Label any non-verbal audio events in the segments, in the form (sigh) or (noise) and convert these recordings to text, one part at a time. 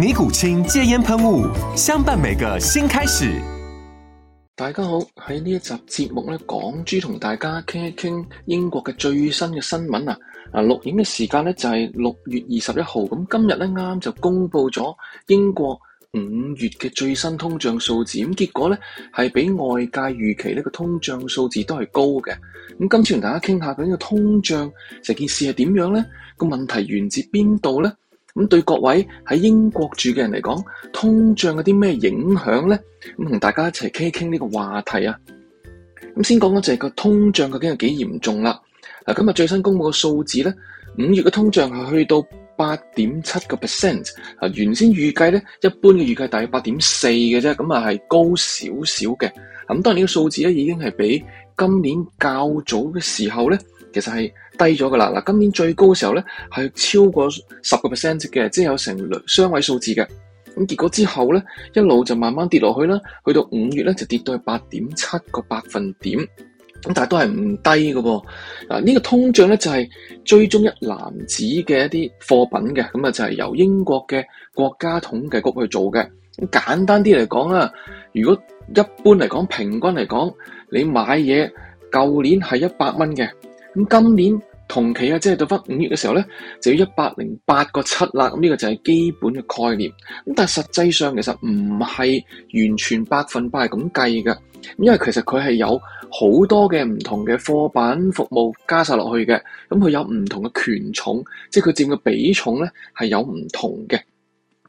尼古清戒煙噴霧，相伴每個新開始。大家好，喺呢一集節目咧，港珠同大家傾一傾英國嘅最新嘅新聞啊！啊錄影嘅時間咧就係、是、六月二十一號，咁今日咧啱就公布咗英國五月嘅最新通脹數字，咁結果咧係比外界預期呢個通脹數字都係高嘅。咁今次同大家傾下咁、究竟個通脹成件事係點樣咧？個問題源自邊度咧？咁對各位喺英國住嘅人嚟講，通脹有啲咩影響咧？咁同大家一齊傾一傾呢個話題啊！咁先講講就係個通脹究竟係幾嚴重啦。嗱，今日最新公布嘅數字咧，五月嘅通脹係去到八點七個 percent。啊，原先預計咧，一般嘅預計大約八點四嘅啫，咁啊係高少少嘅。咁當然呢個數字咧，已經係比今年較早嘅時候咧。其實係低咗噶啦。嗱，今年最高嘅時候咧係超過十個 percent 嘅，即係、就是、有成雙位數字嘅。咁結果之後咧，一路就慢慢跌落去啦。去到五月咧就跌到去八點七個百分點咁，但係都係唔低嘅。嗱，呢個通脹咧就係追蹤一籃子嘅一啲貨品嘅，咁啊就係由英國嘅國家統計局去做嘅。咁簡單啲嚟講啦，如果一般嚟講，平均嚟講，你買嘢舊年係一百蚊嘅。咁今年同期啊，即係到翻五月嘅時候咧，就要一百零八個七啦。咁呢個就係基本嘅概念。咁但係實際上其實唔係完全百分百係咁計嘅，因為其實佢係有好多嘅唔同嘅貨品服務加晒落去嘅。咁佢有唔同嘅權重，即係佢佔嘅比重咧係有唔同嘅。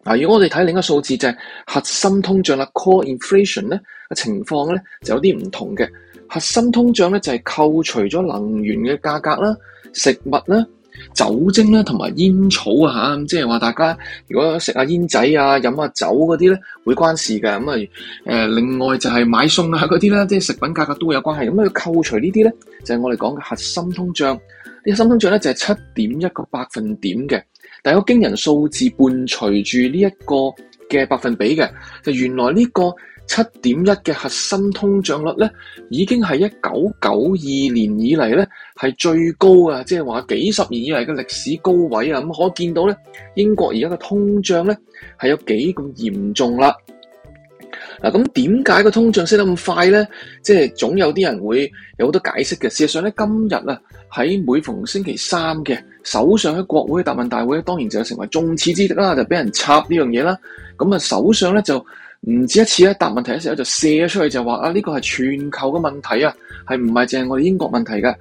嗱，如果我哋睇另一個數字就係、是、核心通脹啦，core inflation 咧嘅情況咧就有啲唔同嘅。核心通脹咧就係扣除咗能源嘅價格啦、食物啦、酒精啦同埋煙草啊吓，即係話大家如果食下煙仔啊、飲下酒嗰啲咧會關事嘅，咁啊誒，另外就係買餸啊嗰啲啦，即係食品價格都會有關係，咁要扣除呢啲咧就係我哋講嘅核心通脹，呢核心通脹咧就係七點一個百分點嘅，但係個驚人數字伴隨住呢一個。嘅百分比嘅，就原來呢個七點一嘅核心通脹率咧，已經係一九九二年以嚟咧係最高啊，即係話幾十年以嚟嘅歷史高位啊，咁可見到咧英國而家嘅通脹咧係有幾咁嚴重啦。嗱，咁點解個通脹升得咁快咧？即係總有啲人會有好多解釋嘅。事實上咧，今日啊。喺每逢星期三嘅首相喺國會嘅答問大會咧，當然就成為眾矢之的啦，就俾人插呢樣嘢啦。咁啊，首相咧就唔止一次咧答問題嘅時候就射出去，就話啊，呢個係全球嘅問題啊，係唔係淨係我哋英國問題㗎？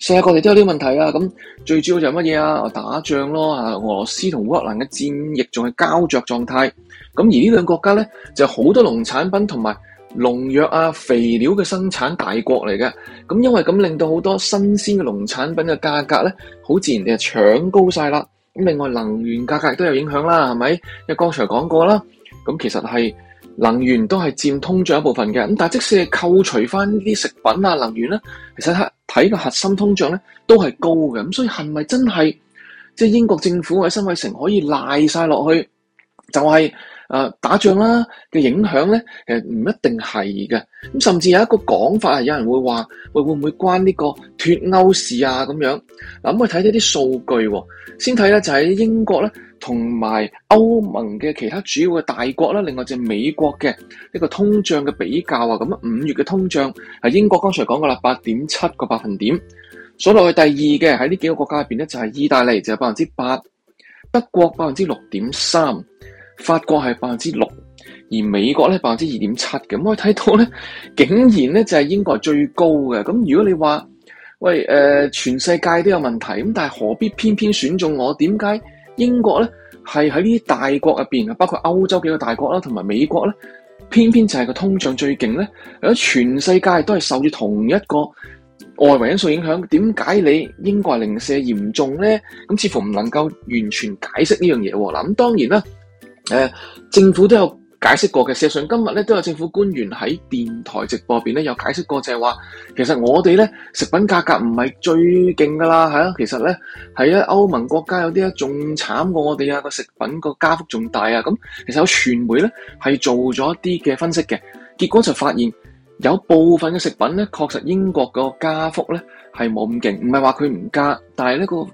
世界各地都有呢個問題啊。咁最主要就係乜嘢啊？打仗咯啊，俄羅斯同烏克蘭嘅戰役仲係膠着狀態。咁而呢兩個國家咧就好多農產品同埋。農藥啊、肥料嘅生產大國嚟嘅，咁因為咁令到好多新鮮嘅農產品嘅價格咧，好自然地啊，搶高晒啦。咁另外能源價格亦都有影響啦，係咪？因為剛才講過啦，咁其實係能源都係佔通脹一部分嘅。咁但係即使扣除翻啲食品啊、能源咧，其實睇個核心通脹咧都係高嘅。咁所以係咪真係即係英國政府喺辛偉誠可以賴晒落去？就係、是。啊！打仗啦嘅影響咧，其實唔一定係嘅咁，甚至有一個講法啊，有人會話會會唔會關呢個脫歐事啊咁樣嗱。咁我睇啲啲數據先睇咧，就喺英國咧同埋歐盟嘅其他主要嘅大國啦，另外就係美國嘅呢個通脹嘅比較啊，咁五月嘅通脹係英國剛才講過啦，八點七個百分點，數落去第二嘅喺呢幾個國家入邊咧，就係意大利就係百分之八，德國百分之六點三。法國係百分之六，而美國咧百分之二點七嘅，咁可以睇到咧，竟然咧就係英國係最高嘅。咁如果你話，喂誒、呃，全世界都有問題，咁但係何必偏偏選中我？點解英國咧係喺呢啲大國入邊啊？包括歐洲幾個大國啦，同埋美國咧，偏偏就係個通脹最勁咧。如果全世界都係受住同一個外圍因素影響，點解你英國零舍嚴重咧？咁似乎唔能夠完全解釋呢樣嘢喎。嗱咁當然啦。誒、呃，政府都有解釋過嘅。事實上今呢，今日咧都有政府官員喺電台直播邊咧有解釋過，就係話，其實我哋咧食品價格唔係最勁噶啦，係啊。其實咧喺一歐盟國家有啲一仲慘過我哋啊個食品個加幅仲大啊。咁、嗯、其實有傳媒咧係做咗一啲嘅分析嘅，結果就發現有部分嘅食品咧，確實英國個加幅咧係冇咁勁，唔係話佢唔加，但係呢個。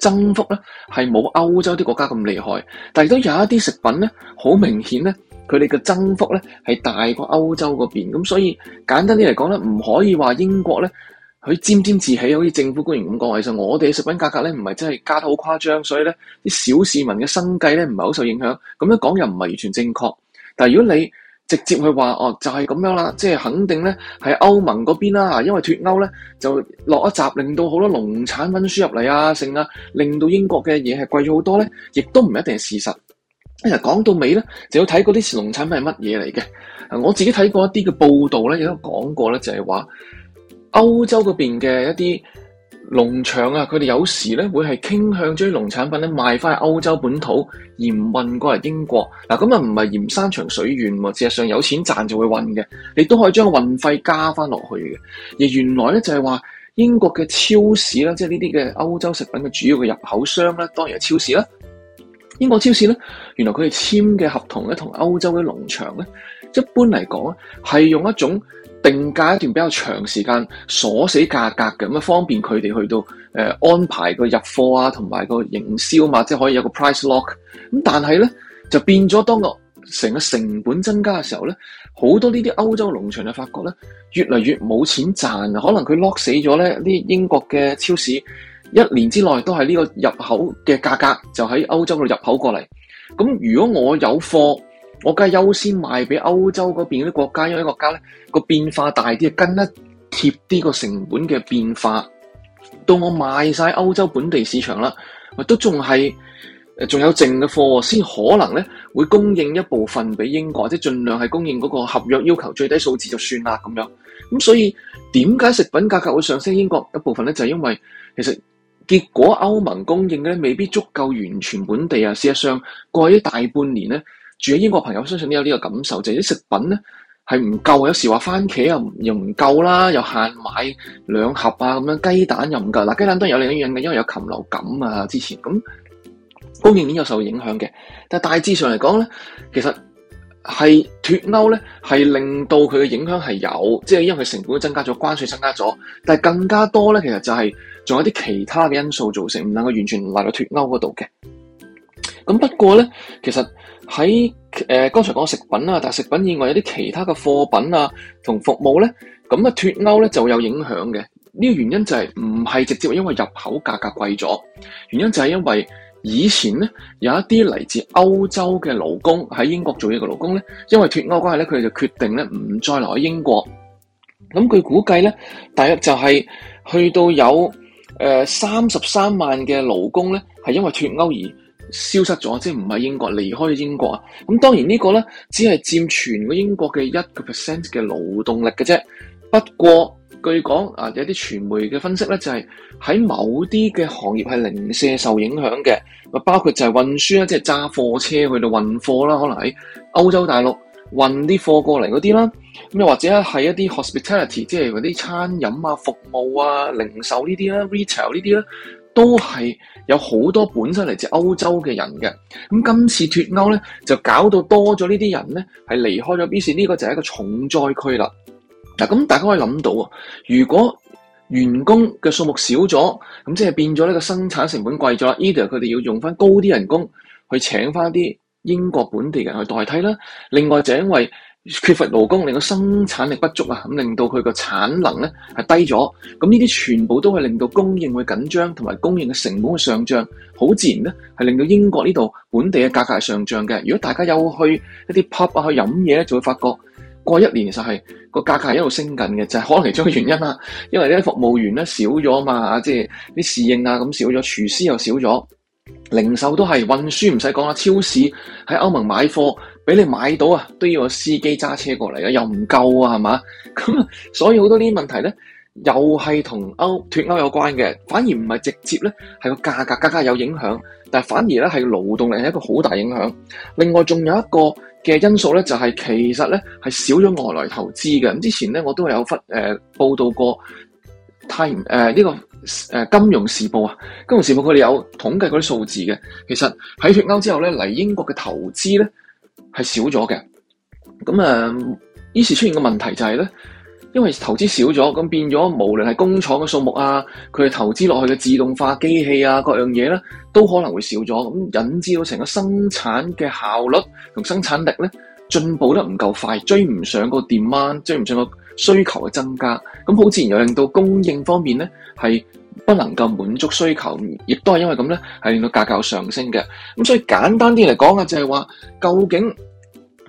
增幅咧係冇歐洲啲國家咁厲害，但係都有一啲食品咧，好明顯咧，佢哋嘅增幅咧係大過歐洲嗰邊。咁所以簡單啲嚟講咧，唔可以話英國咧，佢沾沾自喜，好似政府官員咁講。其實我哋嘅食品價格咧，唔係真係加得好誇張，所以咧啲小市民嘅生計咧，唔係好受影響。咁樣講又唔係完全正確。但係如果你直接去話哦，就係、是、咁樣啦，即係肯定咧，係歐盟嗰邊啦，因為脫歐咧就落一集，令到好多農產品輸入嚟啊，剩啊，令到英國嘅嘢係貴咗好多咧，亦都唔一定係事實。講講到尾咧，就要睇嗰啲農產品係乜嘢嚟嘅。我自己睇過一啲嘅報道咧，亦都講過咧，就係話歐洲嗰邊嘅一啲。農場啊，佢哋有時咧會係傾向將啲農產品咧賣翻去歐洲本土，而唔運過嚟英國。嗱咁啊，唔係嫌山長水遠喎，事實上有錢賺就會運嘅。你都可以將個運費加翻落去嘅。而原來咧就係話英國嘅超市啦，即係呢啲嘅歐洲食品嘅主要嘅入口商咧，當然係超市啦。英國超市咧，原來佢哋簽嘅合同咧，同歐洲嘅農場咧，一般嚟講係用一種定價一段比較長時間鎖死價格嘅，咁啊方便佢哋去到、呃、安排個入貨啊，同埋個營銷啊嘛，即係可以有個 price lock。咁但係咧就變咗，當個成個成本增加嘅時候咧，好多呢啲歐洲農場就發覺咧，越嚟越冇錢賺。可能佢 lock 死咗咧，啲英國嘅超市一年之內都係呢個入口嘅價格，就喺歐洲度入口過嚟。咁如果我有貨，我梗係優先賣俾歐洲嗰邊啲國家，因為啲國家咧、個變化大啲，跟得貼啲個成本嘅變化。到我賣晒歐洲本地市場啦，都仲係仲有剩嘅貨，先可能咧會供應一部分俾英國，即盡量係供應嗰個合約要求最低數字就算啦。咁樣咁，所以點解食品價格會上升？英國一部分咧就係、是、因為其實結果歐盟供應咧未必足夠，完全本地啊，事實上，過去啲大半年咧。住喺英國朋友相信都有呢個感受，就係啲食品咧係唔夠，有時話番茄又又唔夠啦，又限買兩盒啊咁樣，雞蛋又唔夠，嗱雞蛋當然有另一樣嘅，因為有禽流感啊，之前咁供應鏈有受影響嘅。但係大致上嚟講咧，其實係脱歐咧係令到佢嘅影響係有，即係因為佢成本增加咗，關稅增加咗。但係更加多咧，其實就係仲有啲其他嘅因素造成，唔能夠完全賴喺脱歐嗰度嘅。咁不過咧，其實。喺誒剛才講食品啊，但係食品以外有啲其他嘅貨品啊同服務咧，咁啊脱歐咧就有影響嘅。呢個原因就係唔係直接因為入口價格貴咗，原因就係因為以前咧有一啲嚟自歐洲嘅勞工，喺英國做嘢嘅勞工咧，因為脱歐關係咧，佢哋就決定咧唔再留喺英國。咁佢估計咧，大約就係去到有誒三十三萬嘅勞工咧，係因為脱歐而。消失咗，即係唔係英國離開英國啊。咁當然呢個咧，只係佔全個英國嘅一個 percent 嘅勞動力嘅啫。不過據講啊，有啲傳媒嘅分析咧，就係喺某啲嘅行業係零舍受影響嘅，包括就係運輸啦，即係揸貨車去到運貨啦，可能喺歐洲大陸運啲貨過嚟嗰啲啦。咁又或者係一啲 hospitality，即係嗰啲餐飲啊、服務啊、零售呢啲啦、retail 呢啲啦。都係有好多本身嚟自歐洲嘅人嘅，咁今次脫歐咧就搞到多咗呢啲人咧係離開咗。於是，呢個就係一個重災區啦。嗱，啊，咁大家可以諗到啊，如果員工嘅數目少咗，咁即係變咗呢個生產成本貴咗，即係佢哋要用翻高啲人工去請翻啲英國本地人去代替啦。另外就因為缺乏勞工，令到生產力不足啊，咁令到佢個產能咧係低咗，咁呢啲全部都係令到供應會緊張，同埋供應嘅成本會上漲，好自然咧係令到英國呢度本地嘅價格係上漲嘅。如果大家有去一啲 pub 啊去飲嘢咧，就會發覺過一年其實係個價格係一路升緊嘅，就係、是、可能其中一個原因啦。因為啲服務員咧少咗嘛，即係啲侍應啊咁少咗，廚師又少咗，零售都係運輸唔使講啦，超市喺歐盟買貨。俾你買到啊，都要個司機揸車過嚟啊，又唔夠啊，係嘛？咁 (laughs) 所以好多呢啲問題咧，又係同歐脫歐有關嘅，反而唔係直接咧，係個價格價格有影響，但係反而咧係勞動力係一個好大影響。另外仲有一個嘅因素咧，就係、是、其實咧係少咗外來投資嘅。咁之前咧我都有忽誒、呃、報道過《泰誒呢、呃這個誒、呃、金融時報》啊，金融時報佢哋有統計嗰啲數字嘅。其實喺脫歐之後咧嚟英國嘅投資咧。係少咗嘅，咁啊，於是出現個問題就係咧，因為投資少咗，咁變咗無論係工廠嘅數目啊，佢哋投資落去嘅自動化機器啊，各樣嘢咧，都可能會少咗，咁引致到成個生產嘅效率同生產力咧進步得唔夠快，追唔上個 demand，追唔上個需求嘅增加，咁好自然又令到供應方面咧係。是不能夠滿足需求，亦都係因為咁呢，係令到價格有上升嘅。咁所以簡單啲嚟講啊，就係話究竟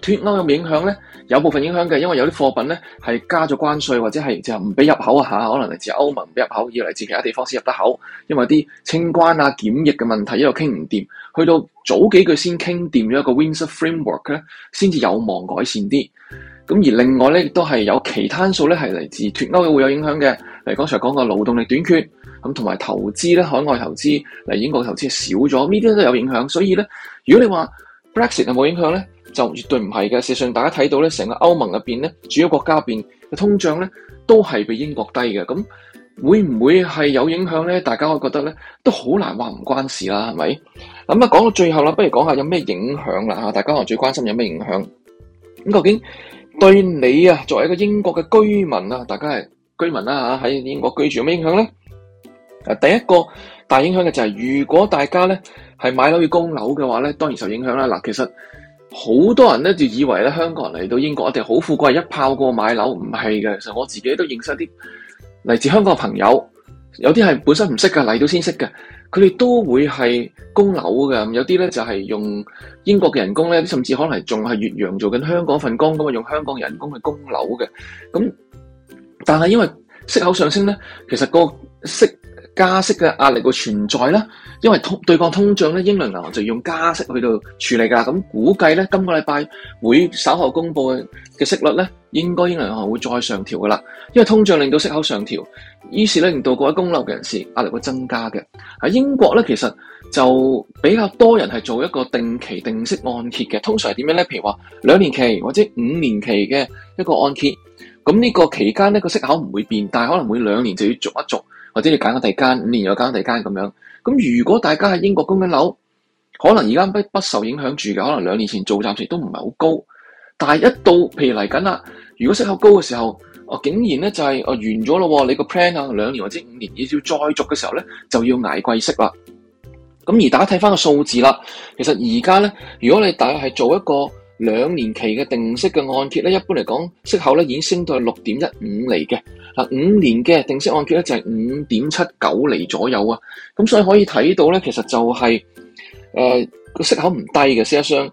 脫歐有冇影響呢？有部分影響嘅，因為有啲貨品呢係加咗關稅，或者係就唔俾入口啊，吓，可能嚟自歐盟唔俾入口，要嚟自其他地方先入得口。因為啲清關啊、檢疫嘅問題，一路傾唔掂，去到早幾句先傾掂咗一個 Windsor Framework 呢，先至有望改善啲。咁而另外咧，亦都係有其他數咧，係嚟自脫歐嘅會有影響嘅。嚟剛才講過勞動力短缺，咁同埋投資咧，海外投資嚟英國投資少咗，呢啲都有影響。所以咧，如果你話 Brexit 有冇影響咧，就絕對唔係嘅。事實上，大家睇到咧，成個歐盟入邊咧，主要國家入邊嘅通脹咧，都係比英國低嘅。咁會唔會係有影響咧？大家會覺得咧，都好難話唔關事啦，係咪？咁啊，講到最後啦，不如講下有咩影響啦吓？大家可能最關心有咩影響？咁究竟？對你啊，作為一個英國嘅居民啊，大家係居民啦，吓喺英國居住有咩影響咧？誒，第一個大影響嘅就係如果大家咧係買樓要供樓嘅話咧，當然受影響啦。嗱，其實好多人咧就以為咧香港人嚟到英國一定好富貴，一炮過買樓唔係嘅。其實我自己都認識一啲嚟自香港嘅朋友，有啲係本身唔識噶，嚟到先識嘅。佢哋都會係供樓㗎，有啲咧就係、是、用英國嘅人工咧，甚至可能仲係越洋做緊香港份工咁啊，用香港人工去供樓嘅。咁，但係因為息口上升咧，其實個息。加息嘅壓力會存在啦，因為通對抗通脹咧，英倫銀行就用加息去到處理噶。咁估計咧，今個禮拜會稍後公布嘅息率咧，應該英倫銀行會再上調噶啦。因為通脹令到息口上調，於是咧令到各位供樓嘅人士壓力會增加嘅。喺英國咧，其實就比較多人係做一個定期定息按揭嘅。通常係點樣咧？譬如話兩年期或者五年期嘅一個按揭，咁呢個期間呢個息口唔會變，但係可能每兩年就要續一續，或者你揀緊第間五年又揀緊第間咁樣，咁如果大家喺英國供緊樓，可能而家不不受影響住嘅，可能兩年前做，暫時都唔係好高，但係一到譬如嚟緊啦，如果息口高嘅時候，哦、啊、竟然咧就係、是、哦、啊、完咗咯喎，你個 plan 啊兩年或者五年要要再續嘅時候咧就要捱貴息啦。咁而大家睇翻個數字啦，其實而家咧，如果你大概係做一個兩年期嘅定息嘅按揭咧，一般嚟講息口咧已經升到係六點一五厘嘅。嗱，五年嘅定息按揭咧就係五點七九厘左右啊，咁所以可以睇到咧，其實就係、是、誒、呃這個息口唔低嘅，事實上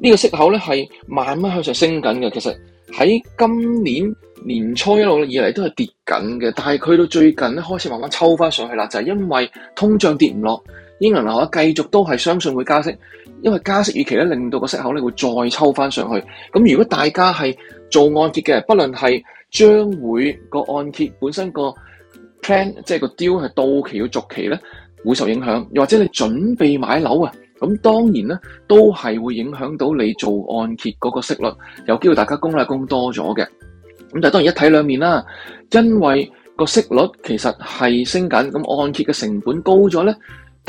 呢個息口咧係慢慢向上升緊嘅。其實喺今年年初一路以嚟都係跌緊嘅，但係佢到最近咧開始慢慢抽翻上去啦，就係、是、因為通脹跌唔落。英銀行啊，繼續都係相信會加息，因為加息預期咧，令到個息口咧會再抽翻上去。咁如果大家係做按揭嘅，不論係將會個按揭本身個 plan 即係個 deal 係到期要續期咧，會受影響；又或者你準備買樓啊，咁當然咧都係會影響到你做按揭嗰個息率，有機會大家供啦供多咗嘅。咁但係當然一睇兩面啦，因為個息率其實係升緊，咁按揭嘅成本高咗咧。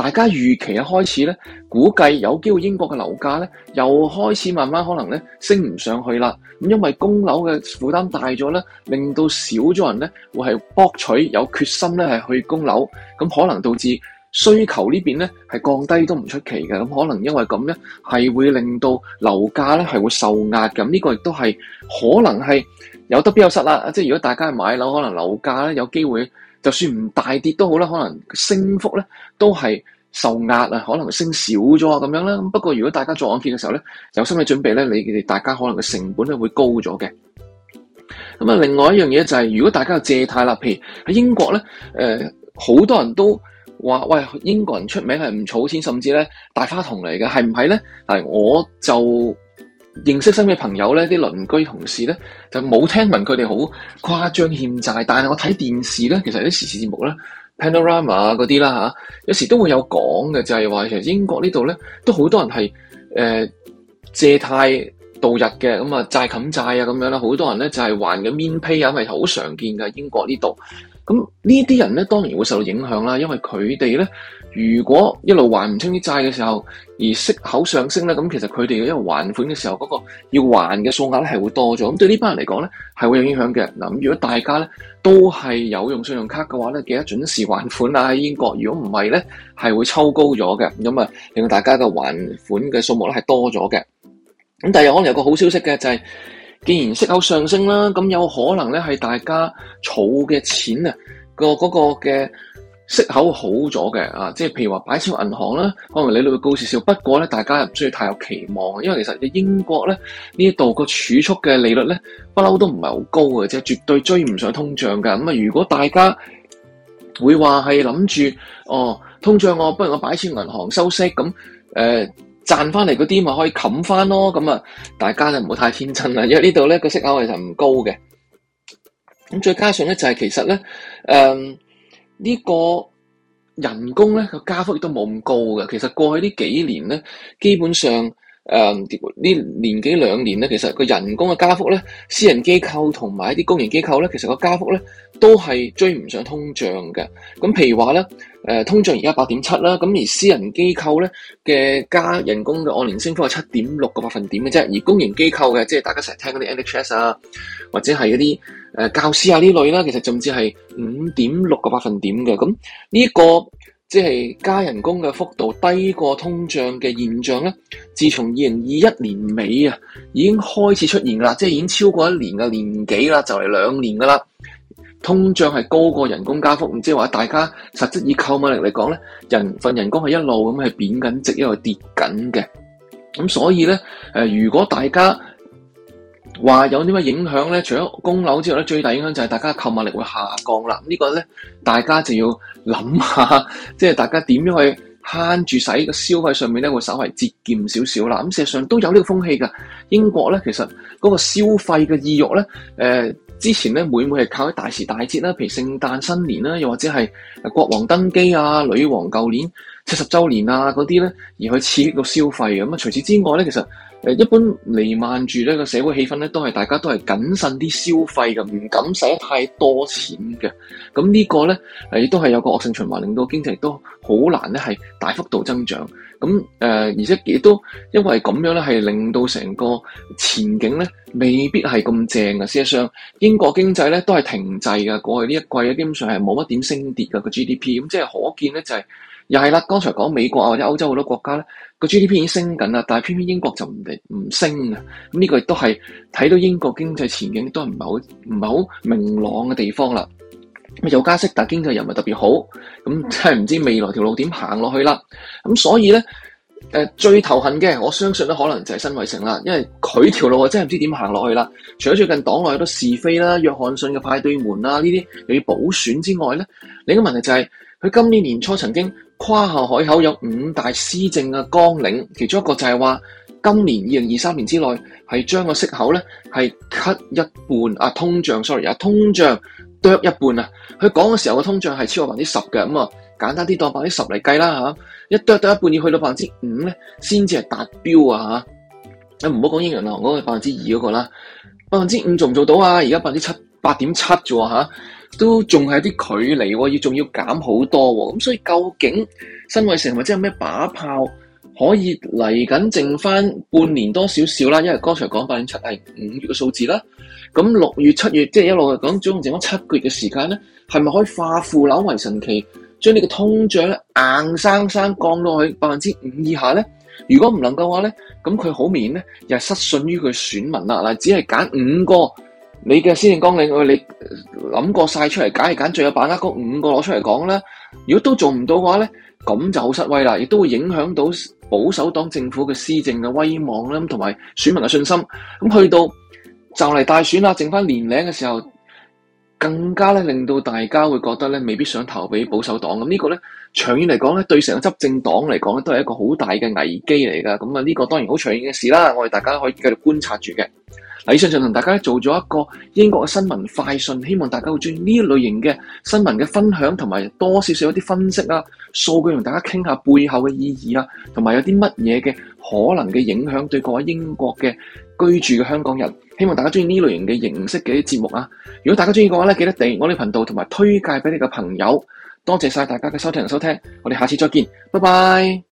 大家預期一開始咧，估計有機會英國嘅樓價咧，又開始慢慢可能咧升唔上去啦。咁因為供樓嘅負擔大咗咧，令到少咗人咧會係博取有決心咧係去供樓，咁可能導致需求呢邊咧係降低都唔出奇嘅。咁可能因為咁咧，係會令到樓價咧係會受壓。咁呢個亦都係可能係有得必有失啦。即係如果大家係買樓，可能樓價咧有機會。就算唔大跌都好啦，可能升幅咧都係受壓啊，可能升少咗啊，咁樣啦。不過如果大家做按揭嘅時候咧，有心理準備咧，你哋大家可能嘅成本咧會高咗嘅。咁啊，另外一樣嘢就係、是、如果大家有借貸啦，譬如喺英國咧，誒、呃、好多人都話喂，英國人出名係唔儲錢，甚至咧大花筒嚟嘅，係唔係咧？係我就。認識身邊朋友咧，啲鄰居同事咧，就冇聽聞佢哋好誇張欠債，但係我睇電視咧，其實啲時事節目咧，Panorama 嗰啲啦、啊、有時都會有講嘅，就係話其實英國呢度咧，都好多人係、呃、借貸度日嘅，咁啊債冚債啊咁樣啦，好多人咧就係、是、還嘅 min pay 啊，因為好常見嘅英國呢度。咁呢啲人咧，當然會受到影響啦，因為佢哋咧，如果一路還唔清啲債嘅時候，而息口上升咧，咁其實佢哋嘅一個還款嘅時候，嗰、那個要還嘅數額咧，係會多咗。咁對呢班人嚟講咧，係會有影響嘅。嗱，咁如果大家咧都係有用信用卡嘅話咧，記得準時還款啊！喺英國，如果唔係咧，係會抽高咗嘅，咁啊，令到大家嘅還款嘅數目咧係多咗嘅。咁但係可能有個好消息嘅就係、是。既然息口上升啦，咁有可能咧，係大家儲嘅錢啊、個嗰、個嘅息口好咗嘅啊，即係譬如話擺超銀行啦，可能利率會高少少。不過咧，大家又唔需要太有期望，因為其實英國咧呢度個儲蓄嘅利率咧不嬲都唔係好高嘅，即係絕對追唔上通脹㗎。咁啊，如果大家會話係諗住哦通脹我、啊，不如我擺超銀行收息咁誒。賺翻嚟嗰啲咪可以冚翻咯，咁啊大家就唔好太天真啦，因為呢度咧個息口、就係、其實唔高嘅，咁再加上咧就係其實咧誒呢個人工咧個加幅亦都冇咁高嘅，其實過去呢幾年咧基本上。誒，呢、嗯、年幾兩年咧，其實個人工嘅加幅咧，私人機構同埋一啲公營機構咧，其實個加幅咧都係追唔上通脹嘅。咁譬如話咧，誒、呃，通脹而家八點七啦，咁而私人機構咧嘅加人工嘅按年升幅係七點六個百分點嘅啫，而公營機構嘅，即係大家成日聽嗰啲 NHS 啊，或者係嗰啲誒教師啊呢類啦，其實甚至係五點六個百分點嘅。咁呢一個即係加人工嘅幅度低過通脹嘅現象咧，自從二零二一年尾啊，已經開始出現啦，即係已經超過一年嘅年幾啦，就嚟兩年噶啦。通脹係高過人工加幅，唔知話大家實質以購買力嚟講咧，人份人工係一路咁係貶緊值，一路跌緊嘅。咁所以咧，誒、呃，如果大家，話有啲咩影響咧？除咗供樓之外咧，最大影響就係大家嘅購物力會下降啦。這個、呢個咧，大家就要諗下，即係大家點樣去慳住使個消費上面咧，會稍為節儉少少啦。咁事實上都有呢個風氣㗎。英國咧，其實嗰個消費嘅意欲咧，誒、呃、之前咧每每係靠喺大時大節啦，譬如聖誕新年啦，又或者係國王登基啊、女王舊年七十週年啊嗰啲咧，而去刺激個消費咁啊。除此之外咧，其實誒，一般彌漫住呢個社會氣氛咧，都係大家都係謹慎啲消費噶，唔敢使太多錢嘅。咁呢個咧，亦都係有個惡性循環，令到經濟都好難咧係大幅度增長。咁誒、呃，而且亦都因為咁樣咧，係令到成個前景咧未必係咁正嘅。事實上，英國經濟咧都係停滯噶，過去呢一季基本上係冇乜點升跌噶個 GDP。咁即係可見咧就係、是。又係啦，剛才講美國啊或者歐洲好多國家咧，個 GDP 已經升緊啦，但係偏偏英國就唔唔升啊，咁呢個亦都係睇到英國經濟前景都係唔係好唔係好明朗嘅地方啦。又加息，但經濟又唔係特別好，咁真係唔知未來條路點行落去啦。咁所以咧，誒、呃、最頭痕嘅，我相信咧可能就係辛偉誠啦，因為佢條路啊真係唔知點行落去啦。除咗最近黨內好多是非啦，約翰遜嘅派對門啊呢啲又要補選之外咧，另一個問題就係、是、佢今年年初曾經。跨下海口有五大施政嘅綱領，其中一個就係話今年二零二三年之內係將個息口咧係 cut 一半啊，通脹 sorry 啊，通脹剁一半啊。佢講嘅時候個通脹係超過百分之十嘅，咁啊簡單啲當百分之十嚟計啦嚇，一剁到一半要去到百分之五咧先至係達標啊嚇。你唔好講英人銀行嗰個百分之二嗰個啦，百分之五做唔做到啊？而家百分之七八點七啫喎嚇。都仲係啲距離喎，要仲要減好多喎，咁所以究竟辛偉誠或者有咩把炮可以嚟緊，剩翻半年多少少啦？因為剛才講八點七係五月嘅數字啦，咁六月、七月即係一路講，總共剩翻七個月嘅時間咧，係咪可以化腐朽為神奇，將呢個通脹硬生生降落去百分之五以下咧？如果唔能夠話咧，咁佢好面咧，又失信於佢選民啦。嗱，只係揀五個。你嘅施政綱領，我你諗過晒出嚟，揀係揀最有把握嗰五個攞出嚟講啦。如果都做唔到嘅話咧，咁就好失威啦，亦都會影響到保守黨政府嘅施政嘅威望啦，同埋選民嘅信心。咁去到就嚟大選啦，剩翻年零嘅時候，更加咧令到大家會覺得咧，未必想投俾保守黨。咁呢個咧長遠嚟講咧，對成個執政黨嚟講咧，都係一個好大嘅危機嚟噶。咁啊，呢個當然好長遠嘅事啦，我哋大家可以繼續觀察住嘅。喺上上同大家做咗一個英國嘅新聞快訊，希望大家會中意呢類型嘅新聞嘅分享，同埋多少少一啲分析啊，數據同大家傾下背後嘅意義啊，同埋有啲乜嘢嘅可能嘅影響對各位英國嘅居住嘅香港人，希望大家中意呢類型嘅形式嘅節目啊。如果大家中意嘅話咧，記得訂閱我哋頻道，同埋推介俾你嘅朋友。多謝晒大家嘅收聽和收聽，我哋下次再見，拜拜。